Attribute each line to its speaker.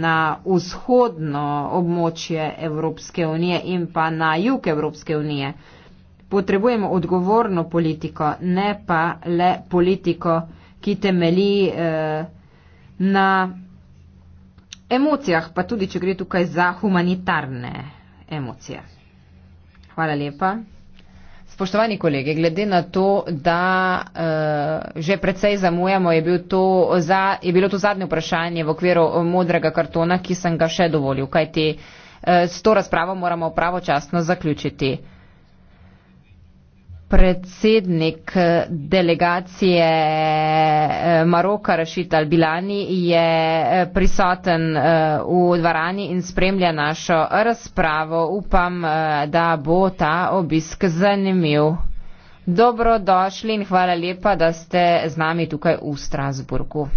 Speaker 1: na vzhodno območje Evropske unije in pa na jug Evropske unije. Potrebujemo odgovorno politiko, ne pa le politiko, ki temeli eh, na emocijah, pa tudi, če gre tukaj za humanitarne emocije. Hvala lepa. Spoštovani kolegi, glede na to, da uh, že predvsej zamujamo, je, bil to za, je bilo to zadnje vprašanje v okviru eh, modrega kartona, ki sem ga še dovolil, kajti uh, s to razpravo moramo pravočasno zaključiti. Predsednik delegacije eh, Maroka Rašit Albilani je eh, prisoten eh, v dvorani in spremlja našo razpravo. Upam, da bo ta obisk zanimiv. Dobrodošli in hvala lepa, da ste z nami tukaj v Strasburgu.